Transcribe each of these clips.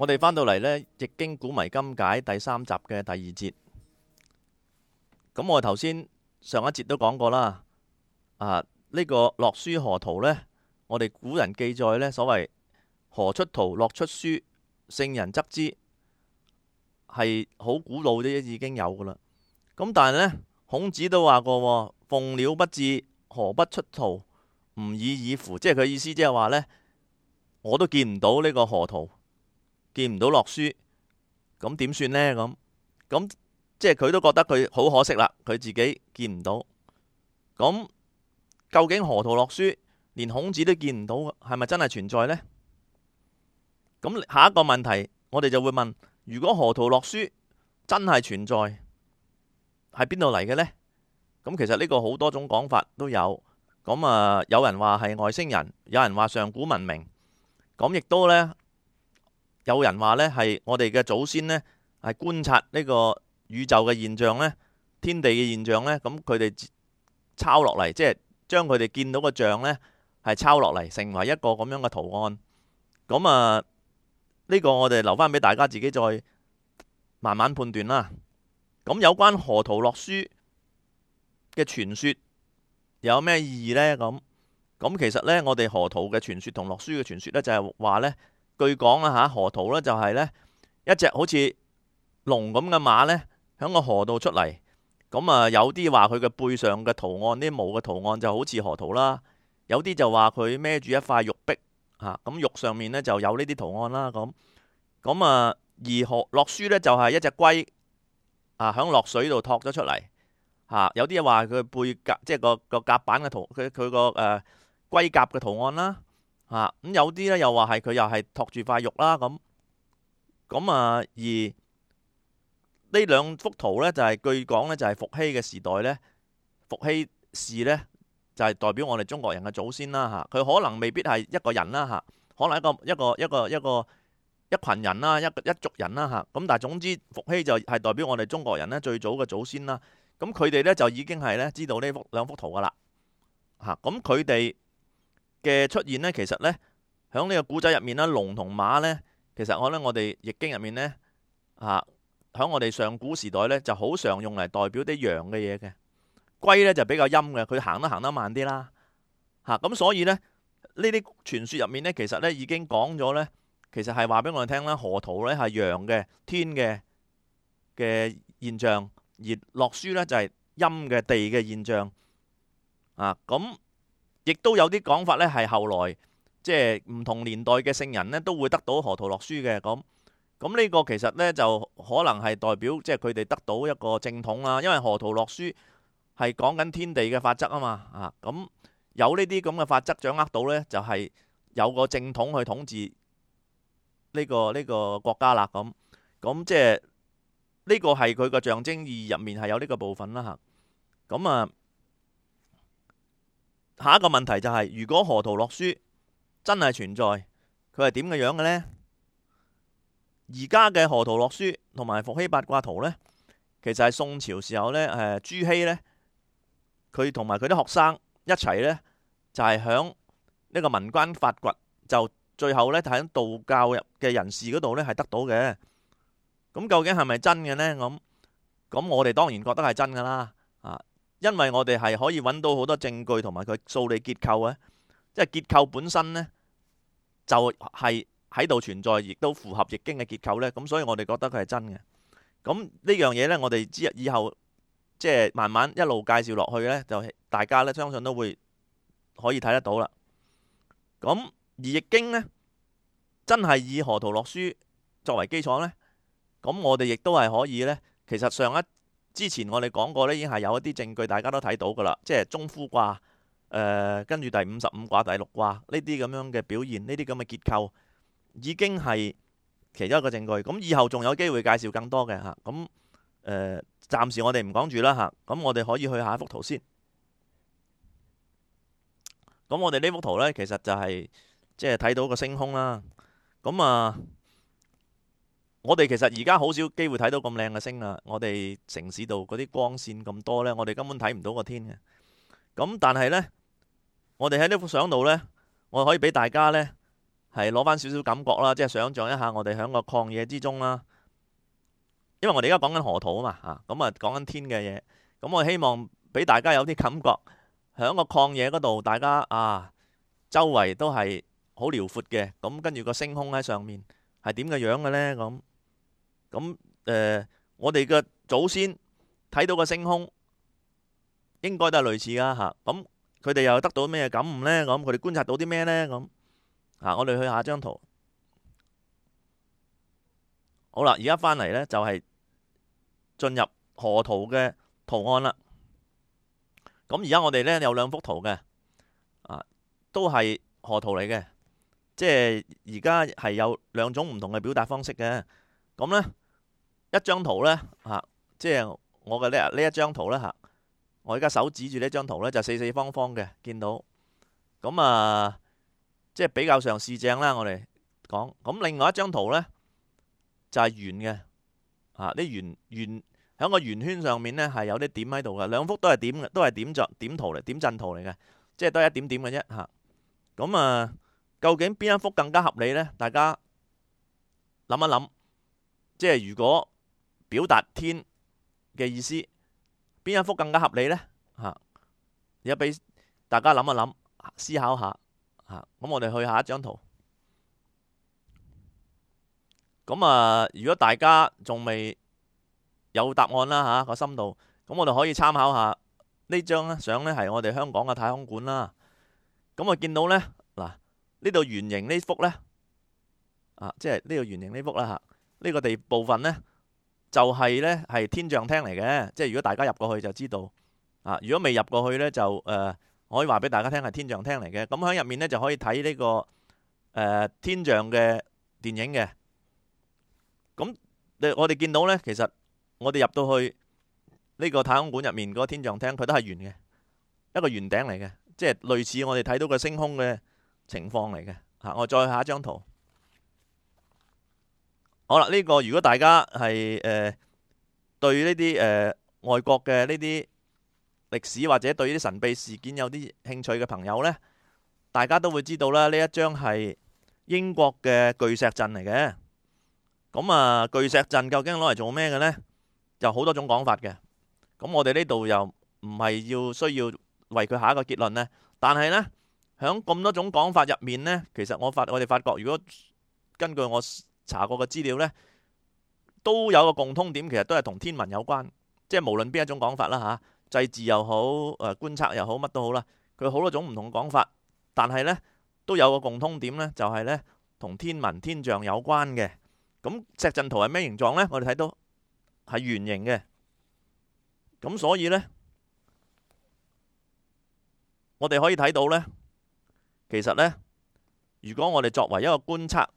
我哋返到嚟呢，易經古謎今解第三集嘅第二節。咁我頭先上一節都講過啦，啊呢個《洛書河圖》呢，我哋古人記載呢所謂河出圖，洛出書，聖人則之係好古老啫，已經有噶啦。咁但係呢，孔子都話過，鳳鳥不至，河不出圖，吾已矣夫。即係佢意思，即係話呢，我都見唔到呢，這個河圖。見唔到洛書，咁點算呢？咁咁即係佢都覺得佢好可惜啦，佢自己見唔到。咁究竟河圖洛書連孔子都見唔到，係咪真係存在呢？咁下一個問題，我哋就會問：如果河圖洛書真係存在，喺邊度嚟嘅呢？咁其實呢個好多種講法都有。咁啊，有人話係外星人，有人話上古文明。咁亦都呢。有人話呢係我哋嘅祖先呢係觀察呢個宇宙嘅現象呢，天地嘅現象呢，咁佢哋抄落嚟，即係將佢哋見到嘅像呢係抄落嚟成為一個咁樣嘅圖案。咁啊，呢個我哋留翻俾大家自己再慢慢判斷啦。咁有關河圖洛書嘅傳說有咩意義呢？咁咁其實呢，我哋河圖嘅傳說同洛書嘅傳說呢，就係話呢。據講啊，吓河圖咧就係咧一隻好似龍咁嘅馬咧，響個河度出嚟。咁啊，有啲話佢嘅背上嘅圖案，啲毛嘅圖案就好似河圖啦。有啲就話佢孭住一塊玉璧，吓，咁玉上面咧就有呢啲圖案啦。咁咁啊，而河洛書咧就係一隻龜啊，響落水度托咗出嚟。吓，有啲話佢背甲，即係個個甲板嘅圖，佢佢個誒龜甲嘅圖案啦。嗯、啊，咁有啲咧又話係佢又係托住塊肉啦咁。咁啊而呢兩幅圖咧就係、是、據講咧就係伏羲嘅時代咧，伏羲氏咧就係、是、代表我哋中國人嘅祖先啦嚇，佢可能未必係一個人啦嚇，可能係一個一個一個一個一羣人啦，一一族人啦嚇，咁但係總之伏羲就係代表我哋中國人咧最早嘅祖先啦，咁佢哋咧就已經係咧知道呢幅兩幅圖㗎喇，嚇、嗯，咁佢哋。嘅出現呢，其實呢，喺呢個古仔入面呢，龍同馬呢，其實可能我哋易經入面呢，啊，喺我哋上古時代呢，就好常用嚟代表啲陽嘅嘢嘅，龜呢就比較陰嘅，佢行得行得慢啲啦，吓、啊、咁所以呢，呢啲傳說入面呢，其實呢已經講咗呢，其實係話俾我哋聽啦，河圖呢係陽嘅天嘅嘅現象，而洛書呢就係陰嘅地嘅現象啊咁。亦都有啲講法咧，係後來即係唔同年代嘅聖人呢都會得到河圖洛書嘅咁。咁呢個其實呢，就可能係代表即係佢哋得到一個正統啦，因為河圖洛書係講緊天地嘅法則啊嘛。啊，咁有呢啲咁嘅法則掌握到呢，就係有個正統去統治呢個呢個國家啦。咁咁即係呢個係佢個象徵意義入面係有呢個部分啦。吓咁啊。下一個問題就係，如果河圖洛書真係存在，佢係點嘅樣嘅呢？而家嘅河圖洛書同埋伏羲八卦圖呢，其實係宋朝時候，呃、呢，誒朱熹呢，佢同埋佢啲學生一齊呢，就係響呢個民間發掘，就最後呢，就喺道教嘅人士嗰度呢，係得到嘅。咁究竟係咪真嘅呢？咁咁我哋當然覺得係真噶啦。因為我哋係可以揾到好多證據同埋佢數理結構啊，即係結構本身呢，就係喺度存在，亦都符合易經嘅結構呢，咁所以我哋覺得佢係真嘅。咁呢樣嘢呢，我哋之以後即係慢慢一路介紹落去呢，就大家呢，相信都會可以睇得到啦。咁而易經呢，真係以河圖洛書作為基礎呢，咁我哋亦都係可以呢，其實上一之前我哋講過呢已經係有一啲證據，大家都睇到噶啦，即係中孚卦，誒、呃，跟住第五十五卦、第六卦呢啲咁樣嘅表現，呢啲咁嘅結構，已經係其中一個證據。咁以後仲有機會介紹更多嘅吓，咁誒，暫、呃、時我哋唔講住啦吓。咁我哋可以去下一幅圖先。咁我哋呢幅圖呢，其實就係即係睇到個星空啦。咁啊。呃我哋其實而家好少機會睇到咁靚嘅星啦。我哋城市度嗰啲光線咁多呢，我哋根本睇唔到個天嘅。咁但係呢，我哋喺呢幅相度呢，我可以俾大家呢，係攞翻少少感覺啦，即係想象一下我哋喺個曠野之中啦。因為我哋而家講緊河圖啊嘛，吓咁啊講緊、嗯、天嘅嘢。咁我希望俾大家有啲感覺，喺個曠野嗰度，大家啊周圍都係好遼闊嘅。咁跟住個星空喺上面係點嘅樣嘅呢？咁、啊。咁誒、呃，我哋嘅祖先睇到個星空，應該都係類似㗎吓。咁佢哋又得到咩感悟呢？咁佢哋觀察到啲咩呢？咁啊，我哋去下張圖。好啦，而家返嚟呢，就係、是、進入河圖嘅圖案啦。咁而家我哋呢，有兩幅圖嘅、啊，都係河圖嚟嘅，即係而家係有兩種唔同嘅表達方式嘅。咁、啊、呢。嗯嗯嗯一張圖咧嚇，即係我嘅呢呢一張圖咧嚇，我而家手指住呢一張圖咧就四四方方嘅，見到咁啊，即係比較上似正啦。我哋講咁，另外一張圖咧就係圓嘅嚇，啲圓圓喺個圓圈上面咧係有啲點喺度嘅。兩幅都係點嘅，都係點作點圖嚟，點陣圖嚟嘅，即係都係一點點嘅啫嚇。咁啊，究竟邊一幅更加合理咧？大家諗一諗，即係如果。表達天嘅意思，邊一幅更加合理呢？吓，而家俾大家諗一諗，思考下吓。咁我哋去下一張圖。咁啊，如果大家仲未有答案啦，吓個心度，咁我哋可以參考下呢張呢。相呢係我哋香港嘅太空館啦。咁我見到呢，嗱呢度圓形呢幅呢，啊，即係呢度圓形呢幅啦吓，呢、啊呢個地部分呢。就係、係、呢係天象廳嚟嘅，即係如果大家入過去就知道。啊，如果未入過去呢，就、呃、我可以話俾大家聽係天象廳嚟嘅。咁喺入面呢，就可以睇呢、呢個、呃、天象嘅電影嘅。咁我哋見到呢，其實我哋入到去呢個太空館入面嗰個天象廳，佢都係圓嘅，一個圓頂嚟嘅，即係類似我哋睇到嘅星空嘅情況嚟嘅、啊。我再下一張圖。好啦，呢、這個如果大家係誒、呃、對呢啲誒外國嘅呢啲歷史或者對呢啲神秘事件有啲興趣嘅朋友呢，大家都會知道啦。呢一張係英國嘅巨石陣嚟嘅。咁啊，巨石陣究竟攞嚟做咩嘅呢？有好多種講法嘅。咁我哋呢度又唔係要需要為佢下一個結論是呢，但係呢，響咁多種講法入面呢，其實我發我哋發覺，如果根據我。查過嘅資料呢，都有個共通點，其實都係同天文有關，即係無論邊一種講法啦嚇，祭祀又好，誒、呃、觀察又好，乜都好啦，佢好多種唔同嘅講法，但係呢，都有個共通點呢，就係呢，同天文天象有關嘅。咁石陣圖係咩形狀呢？我哋睇到係圓形嘅。咁所以呢，我哋可以睇到呢，其實呢，如果我哋作為一個觀察，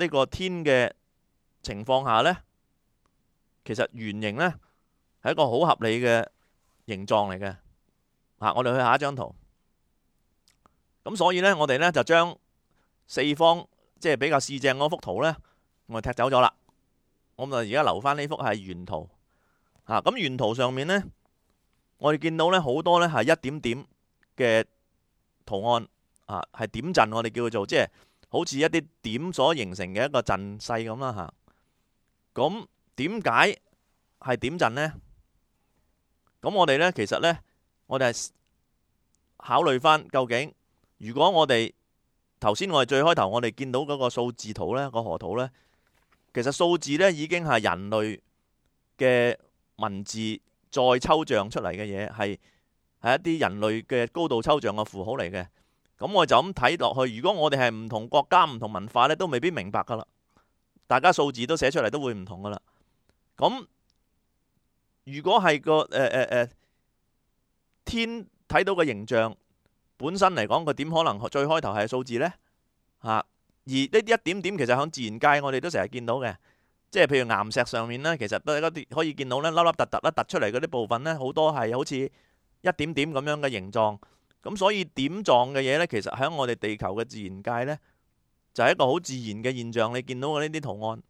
呢、這個天嘅情況下呢，其實圓形呢係一個好合理嘅形狀嚟嘅。吓，我哋去下一張圖。咁所以呢，我哋呢就將四方即係、就是、比較四正嗰幅圖呢，我哋踢走咗啦。我咪而家留翻呢幅係圓圖。吓，咁圓圖上面呢，我哋見到呢好多呢係一點點嘅圖案啊，係點陣我哋叫做即係。好似一啲點所形成嘅一個陣勢咁啦吓，咁點解係點陣呢？咁我哋呢，其實呢，我哋係考慮翻究竟，如果我哋頭先我哋最開頭，我哋見到嗰個數字圖呢，個河圖呢，其實數字呢已經係人類嘅文字再抽象出嚟嘅嘢，係係一啲人類嘅高度抽象嘅符號嚟嘅。咁我就咁睇落去，如果我哋係唔同國家、唔同文化呢都未必明白噶啦。大家數字都寫出嚟都會唔同噶啦。咁如果係個誒誒、呃呃、天睇到個形象，本身嚟講佢點可能最開頭係數字呢？吓、啊、而呢啲一點點其實喺自然界，我哋都成日見到嘅，即係譬如岩石上面呢，其實都係啲可以見到呢凹凹凸凸啦，凸出嚟嗰啲部分呢，好多係好似一點點咁樣嘅形狀。咁所以點狀嘅嘢呢，其實喺我哋地球嘅自然界呢，就係一個好自然嘅現象。你見到我呢啲圖案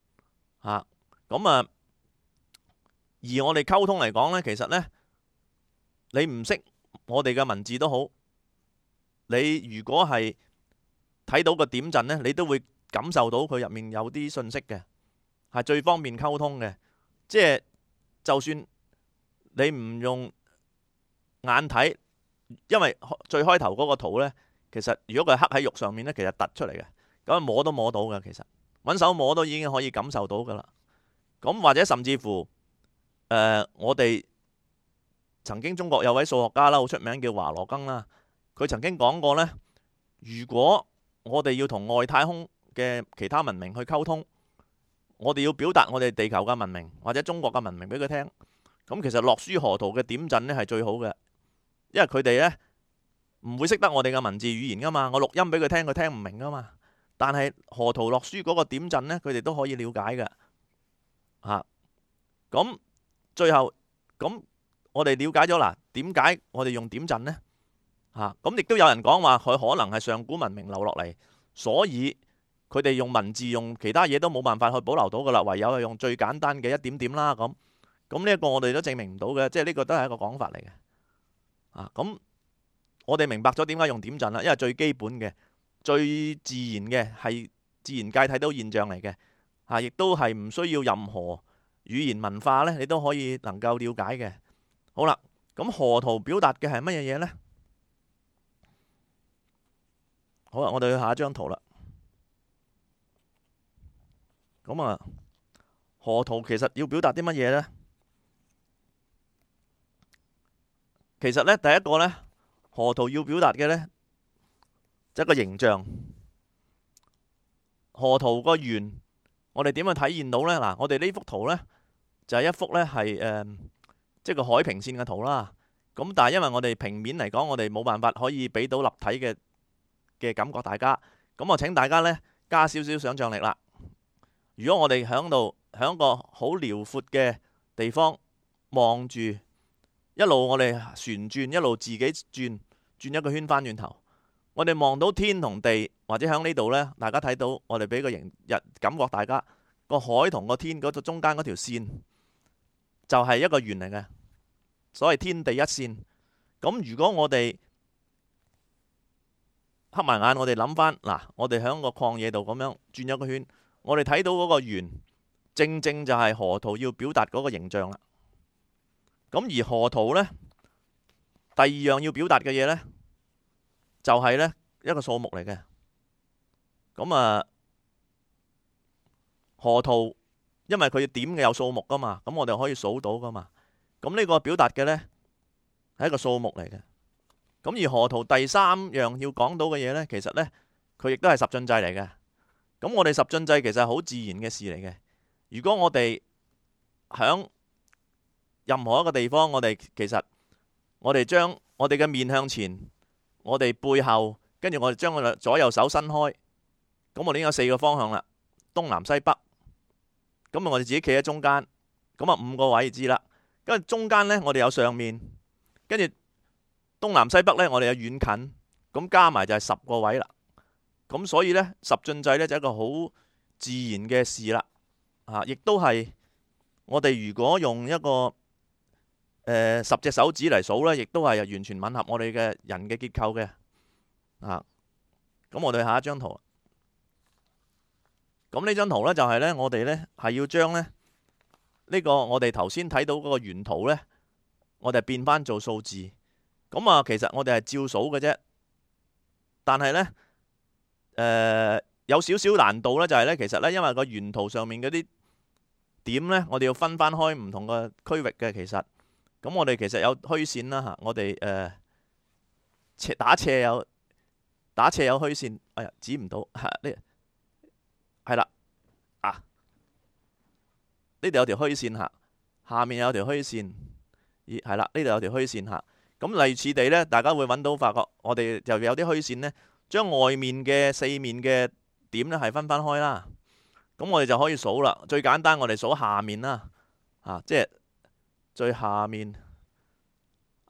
嚇，咁啊，而我哋溝通嚟講呢，其實呢，你唔識我哋嘅文字都好，你如果係睇到個點陣呢，你都會感受到佢入面有啲信息嘅，係最方便溝通嘅。即係就算你唔用眼睇。因為最開頭嗰個圖呢，其實如果佢刻喺肉上面呢，其實突出嚟嘅，咁摸都摸到嘅。其實揾手摸都已經可以感受到噶啦。咁或者甚至乎，誒、呃，我哋曾經中國有位數學家啦，好出名叫華羅庚啦，佢曾經講過呢：「如果我哋要同外太空嘅其他文明去溝通，我哋要表達我哋地球嘅文明或者中國嘅文明俾佢聽。」咁其實洛書河圖嘅點陣呢係最好嘅。因為佢哋呢唔會識得我哋嘅文字語言噶嘛，我錄音俾佢聽，佢聽唔明噶嘛。但係河圖洛書嗰個點陣呢，佢哋都可以了解嘅。吓、啊，咁、嗯、最後咁、嗯、我哋了解咗啦，點解我哋用點陣呢？吓、啊，咁亦都有人講話佢可能係上古文明留落嚟，所以佢哋用文字用其他嘢都冇辦法去保留到噶啦，唯有係用最簡單嘅一點點啦。咁咁呢一個我哋都證明唔到嘅，即係呢、這個都係一個講法嚟嘅。啊，咁我哋明白咗點解用點陣啦，因為最基本嘅、最自然嘅係自然界睇到現象嚟嘅，嚇、啊，亦都係唔需要任何語言文化呢，你都可以能夠了解嘅。好啦，咁河圖表達嘅係乜嘢嘢呢？好啦，我哋去下一張圖啦。咁啊，河圖其實要表達啲乜嘢呢？其實呢，第一個呢，河圖要表達嘅呢，就是、一個形象。河圖個圓，我哋點去體現到呢？嗱，我哋呢幅圖呢，就係、是、一幅呢，係即係個海平線嘅圖啦。咁但係因為我哋平面嚟講，我哋冇辦法可以俾到立體嘅嘅感覺，大家。咁我請大家呢，加少少想象力啦。如果我哋響度響個好遼闊嘅地方望住。一路我哋旋轉，一路自己轉轉一個圈返轉頭，我哋望到天同地，或者喺呢度呢，大家睇到我哋俾個形感覺，大家個海同個天嗰個中間嗰條線就係一個圓嚟嘅，所謂天地一線。咁如果我哋黑埋眼，我哋諗返，嗱，我哋喺個曠野度咁樣轉一個圈，我哋睇到嗰個圓，正正就係河圖要表達嗰個形象啦。咁而河圖呢，第二樣要表達嘅嘢呢，就係呢一個數目嚟嘅。咁啊，河圖因為佢點嘅有數目噶嘛，咁我哋可以數到噶嘛。咁呢個表達嘅呢，係一個數目嚟嘅。咁而河圖第三樣要講到嘅嘢呢，其實呢，佢亦都係十進制嚟嘅。咁我哋十進制其實係好自然嘅事嚟嘅。如果我哋響任何一個地方，我哋其實我哋將我哋嘅面向前，我哋背後，跟住我哋將我哋左右手伸開，咁我哋已經有四個方向啦，東南西北。咁啊，我哋自己企喺中間，咁啊五個位知啦。跟住中間呢，我哋有上面，跟住東南西北呢，我哋有遠近，咁加埋就係十個位啦。咁所以呢，十進制呢就一個好自然嘅事啦。啊，亦都係我哋如果用一個。誒、呃、十隻手指嚟數咧，亦都係完全吻合我哋嘅人嘅結構嘅啊！咁我哋下一張圖，咁呢張圖呢，就係呢。我哋呢係要將咧呢個我哋頭先睇到嗰個原圖呢，我哋變翻做數字。咁啊，其實我哋係照數嘅啫，但係呢，誒、呃、有少少難度呢，就係呢。其實呢，因為個原圖上面嗰啲點呢，我哋要分翻開唔同個區域嘅，其實。咁我哋其實有虛線啦、啊、吓，我哋誒、呃、斜打斜有打斜有虛線，哎呀指唔到吓呢，係啦，啊呢度、啊、有條虛線吓、啊，下面有條虛線，咦係啦呢度有條虛線吓、啊。咁類似地咧，大家會揾到發覺，我哋就有啲虛線呢，將外面嘅四面嘅點咧係分分開啦。咁我哋就可以數啦。最簡單，我哋數下面啦，啊即係。最下面，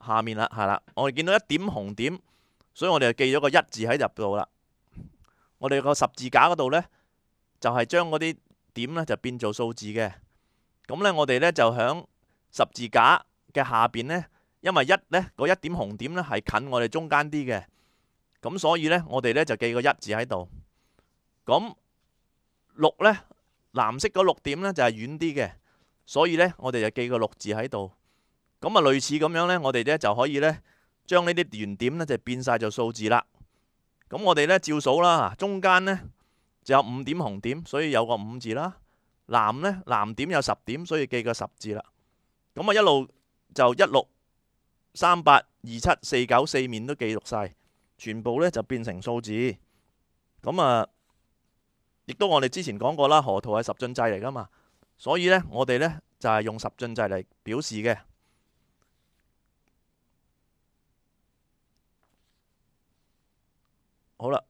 下面啦，係啦，我哋見到一點紅點，所以我哋就記咗個一字喺入度啦。我哋個十字架嗰度呢，就係將嗰啲點呢就變做數字嘅。咁呢，我哋呢就響十字架嘅下邊呢，因為一呢個一點紅點呢係近我哋中間啲嘅，咁所以呢，我哋呢就記個一字喺度。咁六呢，藍色嗰六點呢就係遠啲嘅。所以呢，我哋就記個六字喺度。咁啊，類似咁樣呢，我哋呢就可以呢將呢啲圓點呢就變晒做數字啦。咁我哋呢照數啦，中間呢就有五點紅點，所以有個五字啦。藍呢藍點有十點，所以記個十字啦。咁啊一路就一六三八二七四九四面都記錄晒，全部呢就變成數字。咁啊，亦都我哋之前講過啦，河圖係十進制嚟㗎嘛。所以呢，我哋呢就係用十進制嚟表示嘅。好啦，